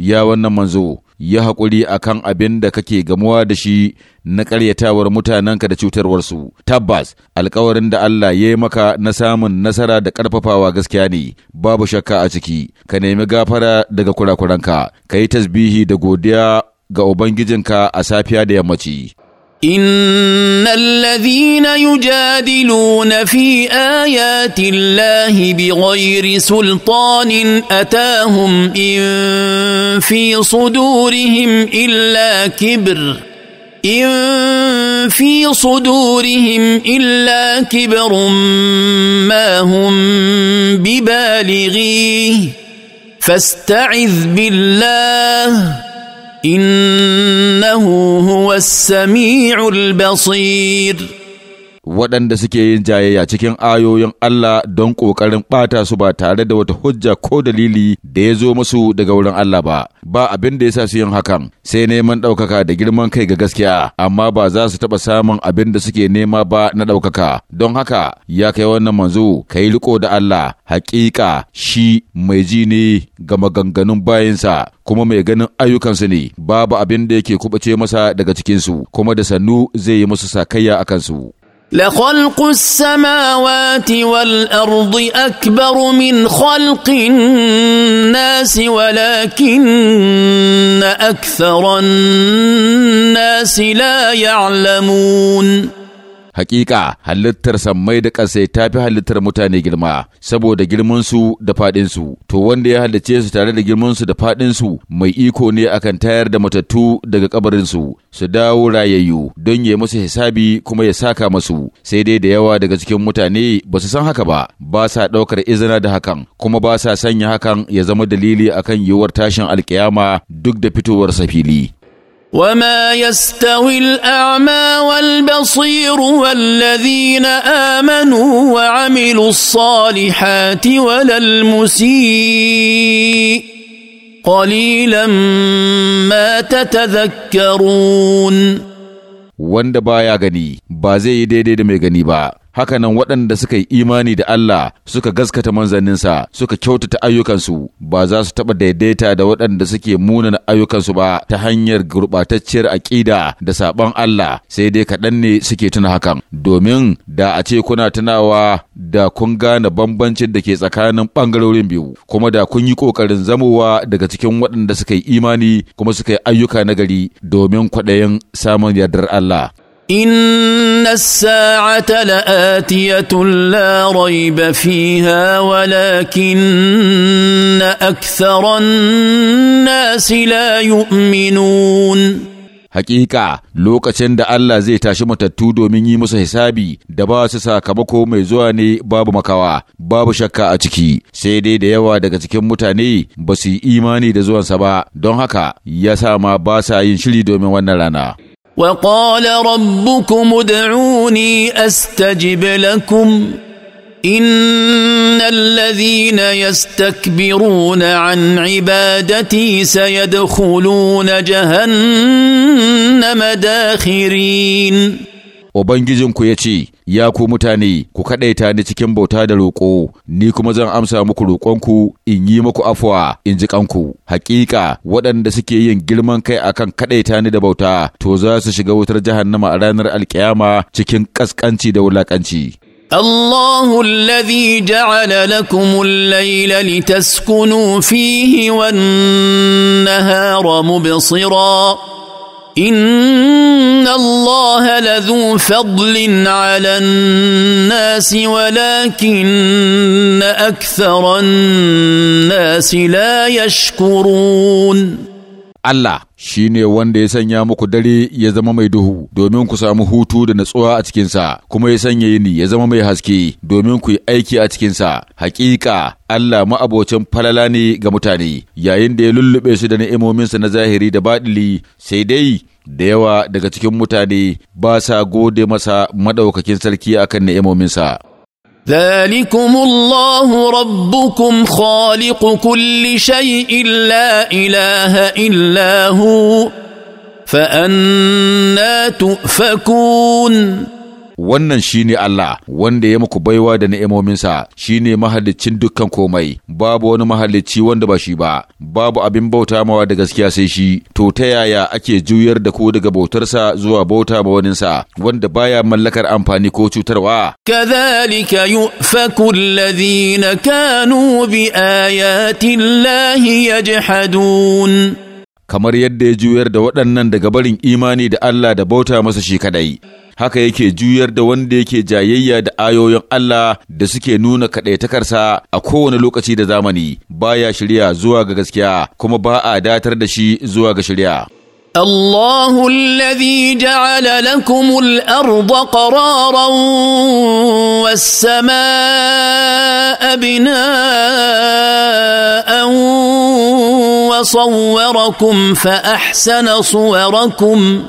يا wannan منزو yi haƙuri a kan abin da kake gamuwa da shi na ƙaryatawar mutanenka da cutarwarsu, tabbas alkawarin da Allah ya yi maka na samun nasara da ƙarfafawa gaskiya ne, babu shakka a ciki, ka nemi gafara daga kurakuranka, ka yi tasbihi da godiya ga Ubangijinka a safiya da yammaci. ان الذين يجادلون في ايات الله بغير سلطان اتاهم ان في صدورهم الا كبر ان في صدورهم الا كبر ما هم ببالغيه فاستعذ بالله انه هو السميع البصير waɗanda suke yin jayayya cikin ayoyin Allah don ƙoƙarin ɓata su ba tare da wata hujja ko dalili da ya zo musu daga wurin Allah ba, ba abin da ya sa su yin hakan sai neman ɗaukaka da girman kai ga gaskiya, amma ba za su taɓa samun abin da suke nema ba na ɗaukaka. Don haka, ya kai wannan manzo, ka yi riko da Allah, haƙiƙa shi mai ji ne ga maganganun bayansa, kuma mai ganin ayyukansu ne, babu abin da yake kuɓace masa daga cikinsu, kuma da sannu zai yi musu sakayya a kansu. لخلق السماوات والارض اكبر من خلق الناس ولكن اكثر الناس لا يعلمون hakika halittar sammai da ƙasai ta fi halittar mutane girma saboda girmansu da faɗinsu to wanda ya halicce su tare da girmansu da faɗinsu mai iko ne akan tayar da matattu daga kabarinsu su dawo rayayyu don ya musu hisabi kuma ya saka masu sai dai da yawa daga cikin mutane ba su san haka ba ba sa ɗaukar izina da hakan kuma ba sa sanya hakan ya zama dalili akan yiwuwar tashin alkiyama duk da fitowar safili وما يستوي الاعمى والبصير والذين امنوا وعملوا الصالحات ولا المسيء قليلا ما تتذكرون wanda baya gani ba zai yi daidai da hakanan waɗanda suka yi imani da Allah suka gaskata manzanninsa suka kyautata ayyukansu ba za su taɓa daidaita da waɗanda suke munana ayyukansu ba ta hanyar gurɓatacciyar aƙida da saɓon Allah sai dai kaɗan ne suke tuna hakan domin da a ce kuna tunawa da kun gane bambancin da ke tsakanin ɓangarorin biyu kuma da kun yi ƙoƙarin zamowa daga cikin waɗanda suka yi imani kuma suka yi ayyuka nagari domin kwaɗayin samun yardar Allah. ان الساعه لاتيه لا ريب فيها ولكن اكثر الناس لا يؤمنون Hakika lokacin da Allah zai tashi matattu domin yi musu hisabi da ba su sakamako mai zuwa ne babu makawa, babu shakka a ciki, sai dai da yawa daga cikin mutane ba su yi imani da zuwansa ba, don haka ya sa ma ba sa yin shiri domin wannan rana. وقال ربكم ادعوني استجب لكم ان الذين يستكبرون عن عبادتي سيدخلون جهنم داخرين Ubangijinku ya ce, Ya ku mutane, ku kaɗaita ni cikin bauta da roƙo, ni kuma zan amsa muku roƙonku in yi muku afuwa in ji kanku. Hakika waɗanda suke yin girman kai akan kaɗaita ni da bauta, to za su shiga wutar jahannama a ranar alkiyama cikin ƙasƙanci da wulaƙanci. الله الذي جعل لكم الليل لتسكنوا فيه والنهار مبصرا ان الله لذو فضل على الناس ولكن اكثر الناس لا يشكرون الله shi ne wanda ya sanya muku dare ya zama mai duhu domin ku samu hutu da natsuwa a cikinsa kuma ya sanya yini ya zama mai haske domin ku yi aiki a cikinsa hakika Allah ma'abocin falala ne ga mutane yayin da ya lullube su da ni'imominsa na zahiri da baɗili sai dai da yawa daga cikin mutane ba sa gode masa madaukakin sarki akan ni'imominsa ذلكم الله ربكم خالق كل شيء لا اله الا هو فانا تؤفكون wannan shine Allah wanda ya muku baiwa da ni'imominsa shine mahallicin dukkan komai babu wani mahalicci wanda ba shi ba babu abin bauta mawa da gaskiya sai shi to ta yaya ake juyar da ku daga bautarsa zuwa bauta ma waninsa wanda baya mallakar amfani ko cutarwa kadhalika yufaku alladhina kanu bi ayati llahi yajhadun kamar yadda ya juyar da waɗannan daga barin imani da Allah da bauta masa shi kadai haka yake juyar da wanda yake jayayya da ayoyin Allah da suke nuna kaɗaitakarsa a kowane lokaci da zamani baya shirya zuwa ga gaskiya kuma ba a datar da shi zuwa ga shirya. الله الذي جعل لكم الارض قرارا والسماء بناء وصوركم فاحسن صوركم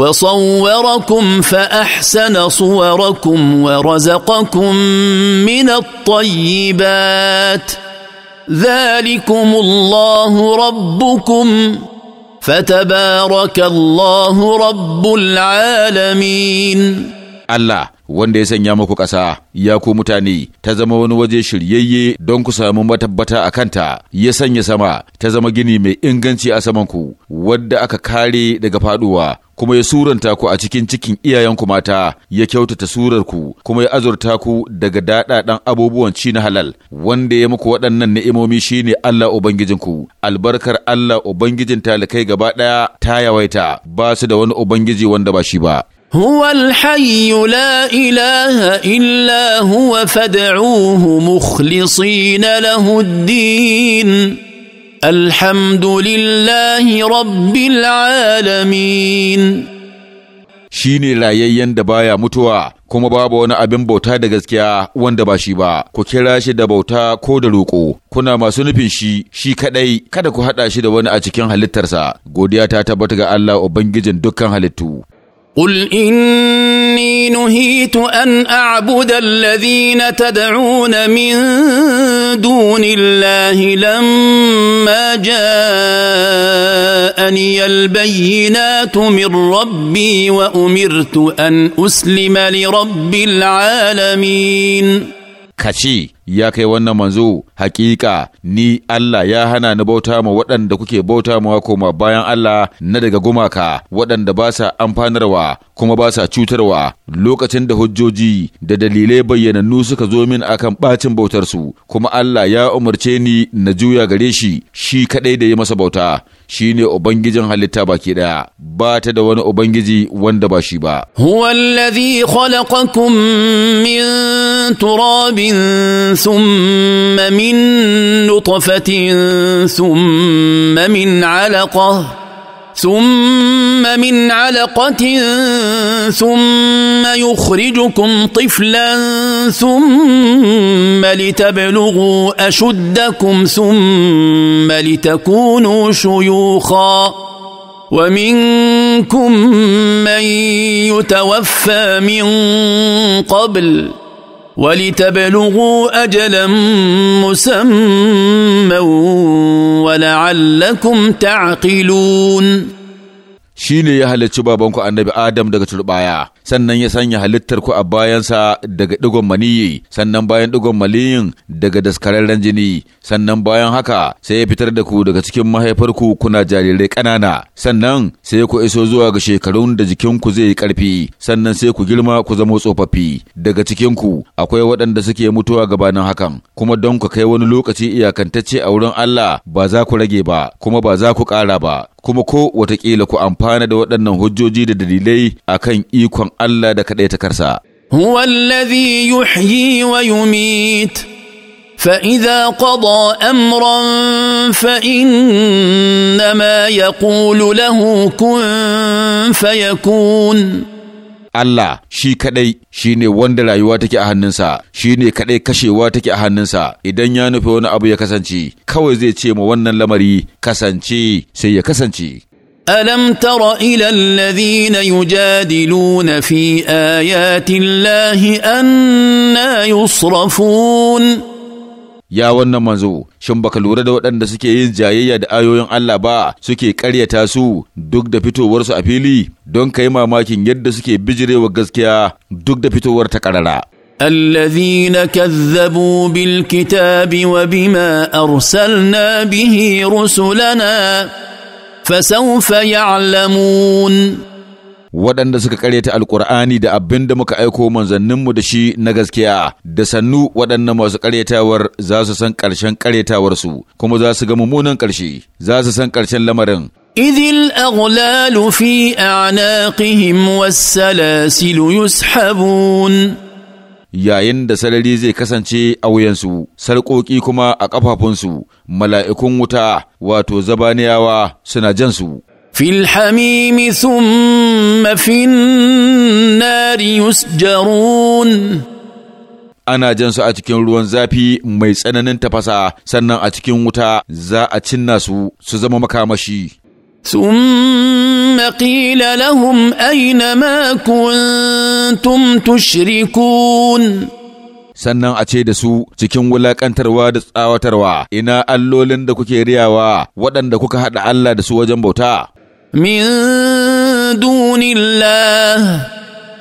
وصوركم فاحسن صوركم ورزقكم من الطيبات ذلكم الله ربكم فتبارك الله رب العالمين Allah wanda ya sanya muku ƙasa ya ku mutane ta zama wani waje shiryayye don ku samu matabbata a kanta ya sanya sama ta zama gini mai inganci a samanku wadda aka kare daga faduwa kuma ya suranta ku a cikin cikin iyayenku mata ya kyautata surarku kuma ya azurta ku daga daɗaɗan abubuwan ci na halal wanda ya muku waɗannan ni'imomi shine Allah ubangijinku albarkar Allah ubangijin talikai gaba ɗaya ta yawaita ba su da wani ubangiji wanda ba shi ba هو الحي لا إله إلا هو فادعوه مخلصين له الدين الحمد لله رب العالمين shi ne rayayyen da baya mutuwa kuma babu wani abin bauta da gaskiya wanda ba shi ba ku kira shi da bauta ko da roƙo kuna masu nufin shi shi kadai kada ku haɗa shi da wani a cikin halittarsa godiya ta tabbata ga Allah ubangijin dukkan halittu قل اني نهيت ان اعبد الذين تدعون من دون الله لما جاءني البينات من ربي وامرت ان اسلم لرب العالمين كشي ya kai wannan manzo hakika ni Allah ya hana ni bauta ma waɗanda kuke bauta ma koma bayan Allah na daga gumaka waɗanda ba sa amfanarwa kuma ba sa cutarwa lokacin da hujjoji da dalilai bayyanannu suka zo min akan bacin su, kuma Allah ya umarce ni na juya gare shi shi kaɗai da ya masa bauta shi ne ubangijin halitta baki ɗaya ba ta da wani ubangiji wanda ba shi ba huwa allazi khalaqakum min turabin ثم من نطفه ثم من علقه ثم من علقه ثم يخرجكم طفلا ثم لتبلغوا اشدكم ثم لتكونوا شيوخا ومنكم من يتوفى من قبل ولتبلغوا اجلا مسمى ولعلكم تعقلون shi ne ya halicci babanku annabi Adam daga turbaya, sannan ya sanya halittar ku a bayansa daga digon maniyi, sannan bayan digon maliyin daga daskararren jini, sannan bayan haka sai ya fitar da ku daga cikin mahaifarku kuna jarirai ƙanana, sannan sai ku iso zuwa ga shekarun da jikinku zai yi ƙarfi, sannan sai ku girma ku zama tsofaffi. Daga cikinku akwai waɗanda suke mutuwa gabanin hakan, kuma don ku kai wani lokaci iyakantacce a wurin Allah ba za ku rage ba, kuma ba za ku ƙara ba, kuma ko watakila ku amfana da waɗannan hujjoji da dalilai akan ikon Allah da kaɗaitakarsa. هو الذي يحيي ويميت فإذا قضى أمرا فإنما يقول له كن فيكون Allah shi kadai shine wanda rayuwa take a hannunsa shine kadai kashewa take a hannunsa idan ya nufi wani abu ya kasance kawai zai ce ma wannan lamari kasance sai ya kasance ألم تر إلى الذين يجادلون في آيات الله أنا يصرفون ya wannan manzo shin baka lura da waɗanda suke yin jayayya da ayoyin Allah ba suke ƙaryata su duk da fitowarsu a fili don kai mamakin yadda suke bijirewa gaskiya duk da fitowar ta ƙarara الذين كذبوا بالكتاب وبما ارسلنا به رسلنا فسوف يعلمون waɗanda suka karyata alkur'ani da abin da muka aiko manzanninmu da shi na gaskiya da sannu waɗannan masu karyatawar za su san ƙarshen karyatawarsu kuma za su ga mummunan ƙarshe za su san ƙarshen lamarin إذ الأغلال في أعناقهم والسلاسل يسحبون yayin da sarari zai kasance a wuyansu sarƙoƙi kuma a ƙafafunsu mala'ikun wuta wato zabaniyawa suna jansu في الحميم ثم في النار يسجرون ana jan su a cikin ruwan zafi mai tsananin tafasa sannan a cikin wuta za a cinna su su zama makamashi ثم قيل lahum أين ما كنتم sannan a ce da su cikin wulaƙantarwa da tsawatarwa ina allolin da kuke riyawa waɗanda kuka haɗa Allah da su wajen bauta من دون الله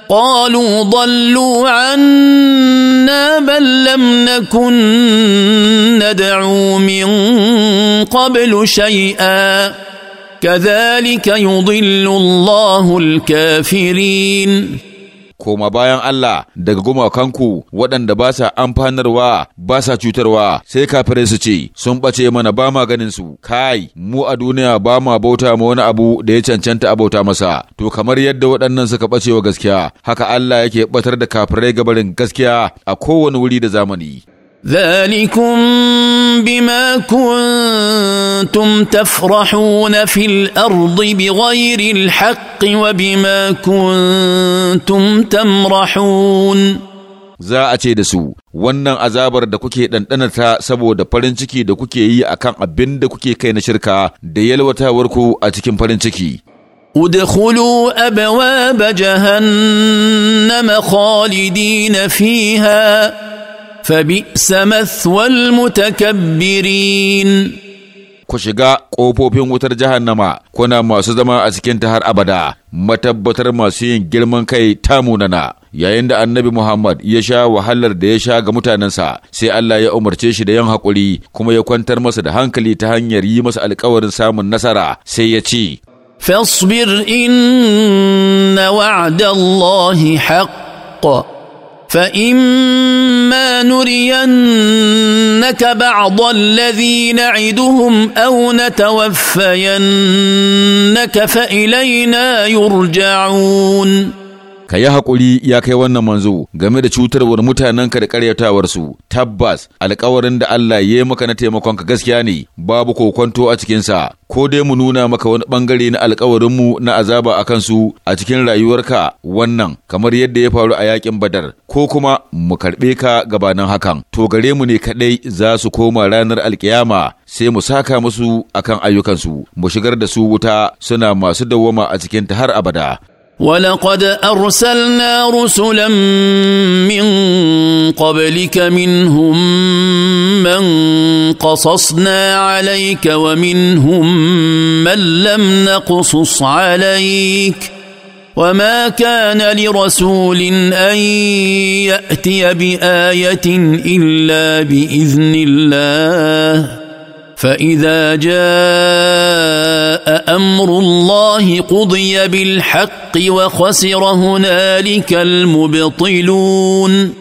قالوا ضلوا عنا بل لم نكن ندعو من قبل شيئا كذلك يضل الله الكافرين koma bayan Allah daga gumakanku waɗanda ba sa amfanarwa ba sa cutarwa sai kafirai su ce sun ɓace mana ba ma ganin su kai mu a duniya ba ma bauta ma wani abu da ya cancanta a bauta masa to kamar yadda waɗannan suka ɓace wa gaskiya haka Allah yake ɓatar da kafirai gabarin gaskiya a kowane wuri da zamani. ذلكم بما كنتم تفرحون في الارض بغير الحق وبما كنتم تمرحون za a ce da su wannan azabar da kuke ɗanɗanata saboda farin ciki da kuke yi akan abin da kuke kai na shirka da yalwatawarku a cikin farin ciki ادخلوا ابواب جهنم خالدين fiha. فبئس مثوى المتكبرين ku shiga ƙofofin wutar jahannama kuna masu zama a cikin ta har abada matabbatar masu yin girman kai ta munana yayin da annabi Muhammad ya sha wahalar da ya sha ga mutanensa sai Allah ya umarce shi da yan haƙuri kuma ya kwantar masa da hankali ta hanyar yi masa alkawarin samun nasara sai ya ce فاصبر إن وعد الله حق فإما نرينك بعض الذي نعدهم أو نتوفينك فإلينا يرجعون ka yi haƙuri ya kai wannan manzo game da cutarwar mutanenka da ƙaryatawarsu tabbas alkawarin da Allah ya yi maka na taimakonka gaskiya ne babu kokonto a cikinsa ko dai mu nuna maka wani ɓangare na alkawarinmu na azaba a kansu a cikin rayuwarka wannan kamar yadda ya faru a yakin badar ko kuma mu karɓe ka gabanin hakan to gare mu ne kaɗai za su koma ranar alkiyama sai mu saka musu akan ayyukansu mu shigar da su wuta suna masu dawwama a cikin ta har abada ولقد ارسلنا رسلا من قبلك منهم من قصصنا عليك ومنهم من لم نقصص عليك وما كان لرسول ان ياتي بايه الا باذن الله فاذا جاء امر الله قضي بالحق وخسر هنالك المبطلون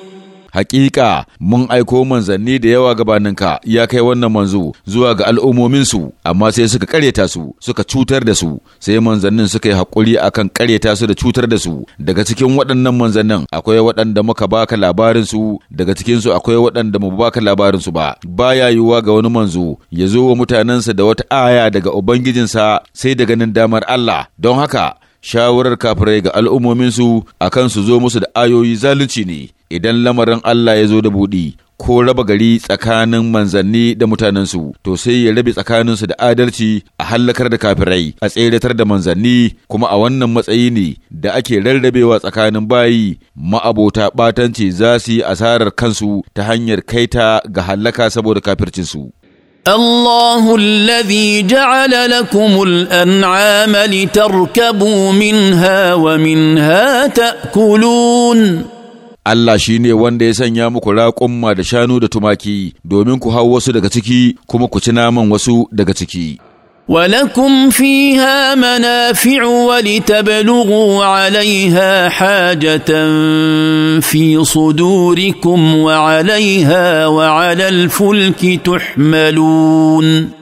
Hakika mun aiko manzanni da yawa gabaninka ya kai wannan manzo zuwa ga al'ummominsu, amma sai suka kareta su, suka cutar da su, sai manzannin suka yi hakuri akan kareta su da cutar da su. Daga cikin waɗannan manzannin akwai waɗanda muka baka labarinsu, daga cikinsu akwai waɗanda mu baka labarinsu ba. Baya yiwuwa ga wani manzo ya zo wa mutanensa da wata aya daga Ubangijinsa sai da ganin damar Allah. Don haka shawarar kafirai ga al'ummominsu a kan su zo musu da ayoyi zalunci ne idan lamarin Allah ya zo da buɗi ko raba gari tsakanin manzanni da mutanensu to sai ya rabe tsakaninsu da adalci a hallakar da kafirai a tseratar da manzanni kuma a wannan matsayi ne da ake rarrabewa tsakanin bayi ma'abota batanci za su yi asarar kansu ta hanyar kaita ga hallaka saboda kafircinsu. الله الذي جعل لكم الانعام لتركبوا منها ومنها تاكلون Allah shi ne wanda ya sanya muku raƙumma da shanu da tumaki domin ku hau wasu daga ciki kuma ku ci naman wasu daga ciki. ولكم فيها منافع ولتبلغوا عليها حاجة في صدوركم وعليها وعلى الفلك تحملون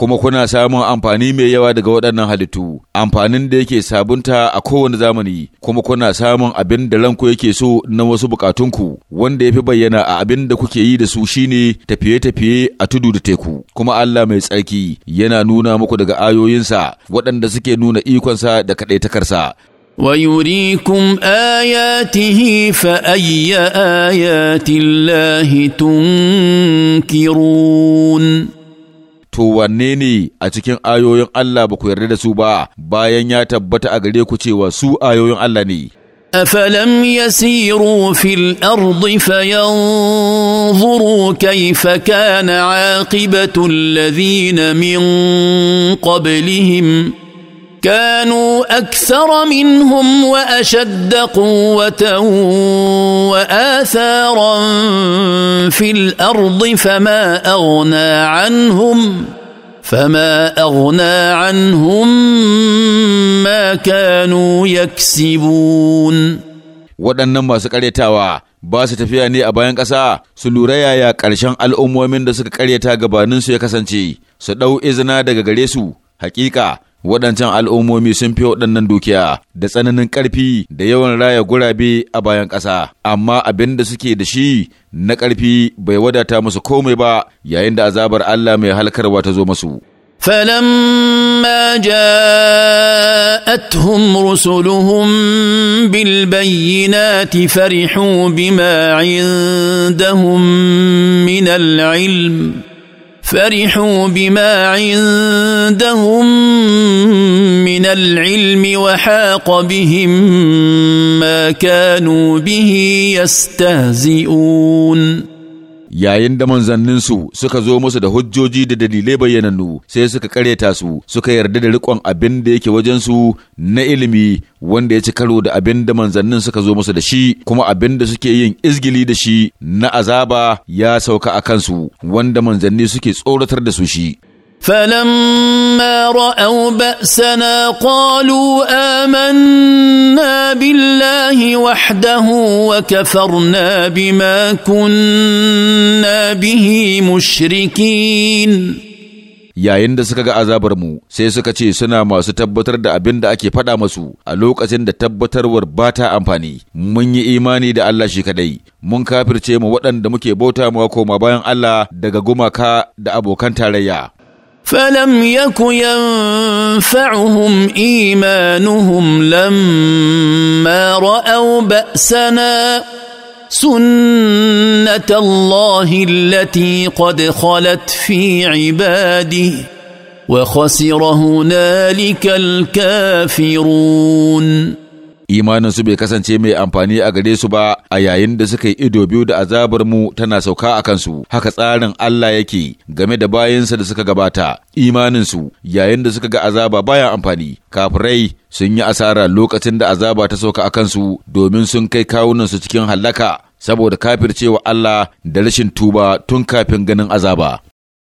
kuma kuna samun amfani mai yawa daga waɗannan halittu, amfanin da yake sabunta a kowane zamani, kuma kuna samun abin da ranku yake so na wasu bukatunku, wanda ya fi bayyana a abin da kuke yi da su shine tafiye-tafiye a tudu da teku, kuma Allah mai tsarki yana nuna muku daga ayoyinsa waɗanda suke nuna ikonsa da kaɗaitakarsa. ويريكم آياته فأي آيات الله تنكرون to wanne ne a cikin ayoyin Allah ba ku yarda da su ba bayan ya tabbata a gare ku cewa su ayoyin Allah ne. أفلم يسيروا في الأرض فينظروا كيف كان عاقبة الذين من قبلهم ؟ كانوا اكثر منهم واشد قوه واثارا في الارض فما اغنى عنهم فما اغنى عنهم ما كانوا يكسبون waɗannan masu ƙaryatawa ba su tafiya ne a bayan ƙasa su lura yaya ƙarshen al'ummomin da suka ƙaryata gabaninsu ya kasance su ɗau izina daga gare su hakika waɗancan al'ummomi sun fi waɗannan dukiya da tsananin ƙarfi da yawan raya gurabe a bayan ƙasa, amma abin da suke da shi na ƙarfi bai wadata musu komai ba yayin da azabar Allah mai halkarwa ta zo masu. فلما جاءتهم رسلهم بالبينات فرحوا بما عندهم من العلم فرحوا بما عندهم من العلم وحاق بهم ما كانوا به يستهزئون yayin da su suka zo musu da hujjoji da dalilai bayyanannu sai suka kareta su suka yarda da rikon abin da yake su na ilimi wanda ya ci karo da abin da manzannin suka zo musu da shi kuma abin da suke yin izgili da shi na azaba ya sauka a kansu wanda manzanni suke tsoratar da su shi فلما راوا باسنا قالوا امنا بالله وحده وكفرنا بما كنا به مشركين yayin da suka ga azabar mu sai suka ce suna masu tabbatar da abin da ake faɗa masu a lokacin da tabbatarwar ba ta amfani mun yi imani da Allah shi kadai mun kafirce mu waɗanda muke bauta mu koma bayan Allah daga gumaka da abokan tarayya فلم يك ينفعهم ايمانهم لما راوا باسنا سنه الله التي قد خلت في عباده وخسر هنالك الكافرون imanin su bai kasance mai amfani a gare su ba a yayin da suka yi ido biyu da azabar mu tana sauka a kansu haka tsarin Allah yake game da bayansa da suka gabata imanin su yayin da suka ga azaba baya amfani kafirai sun yi asara lokacin da azaba ta sauka a kansu domin sun kai kawunan su cikin hallaka saboda kafircewa Allah da rashin tuba tun kafin ganin azaba